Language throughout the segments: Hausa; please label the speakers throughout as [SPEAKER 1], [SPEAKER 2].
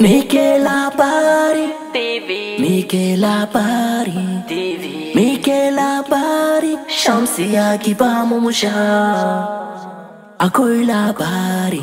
[SPEAKER 1] Mikela Pari TV Michela Pari TV Michela Pari Shamsi Akiba Mumusha Akoila Pari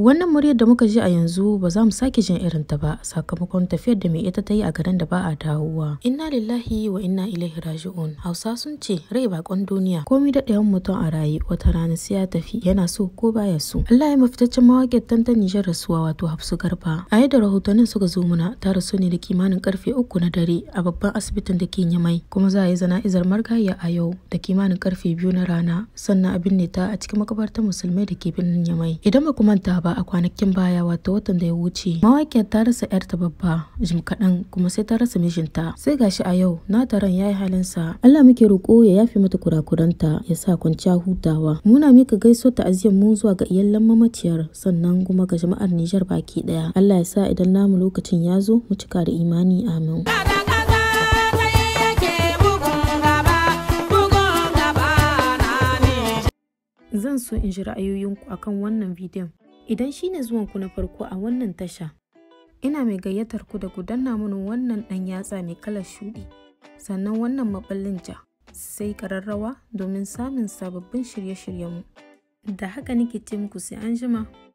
[SPEAKER 1] Wannan muryar da muka ji a yanzu ba za mu sake jin irin ta ba sakamakon tafiyar da mai ita ta yi a garin da ba a dawowa. Inna lillahi wa inna ilaihi raji'un. Hausa sun ce rai bakon duniya. Komai da ɗayan mutum a raye wata rana sai ya tafi yana so ko baya so. Allah ya mafitaccen mawaƙiyar tantan Nijar rasuwa wato Hafsu Garba. A yadda rahotannin suka zo muna ta rasu ne da kimanin karfe uku na dare a babban asibitin da ke Nyamai kuma za a yi zana zana'izar margayya a yau da kimanin karfe biyu na rana sannan a binne ta a cikin makabartar musulmai da ke birnin Nyamai. Idan ba ku manta ba ba a kwanakin baya wato watan da ya wuce mawaƙiyar ta rasa yarta babba jim kaɗan kuma sai ta rasa mijinta sai gashi a yau na taron ya yi halin sa allah muke roƙo ya yafe mata kurakuranta ya sa kwanciya hutawa muna mika gaiso aziyar mu zuwa ga iyalan mamaciyar sannan kuma ga jama'ar nijar baki ɗaya allah ya sa idan namu lokacin ya zo mu cika da imani amin zan so in ji ra'ayoyinku akan wannan bidiyon Idan shi ne zuwanku na farko a wannan tasha, ina mai gayyatar ku da ku danna mini wannan ɗan yatsa mai kalar shuɗi, sannan wannan maɓallin ja, sai ƙararrawa domin samun sababbin shirye-shiryenmu. Da haka nake ce muku sai an jima.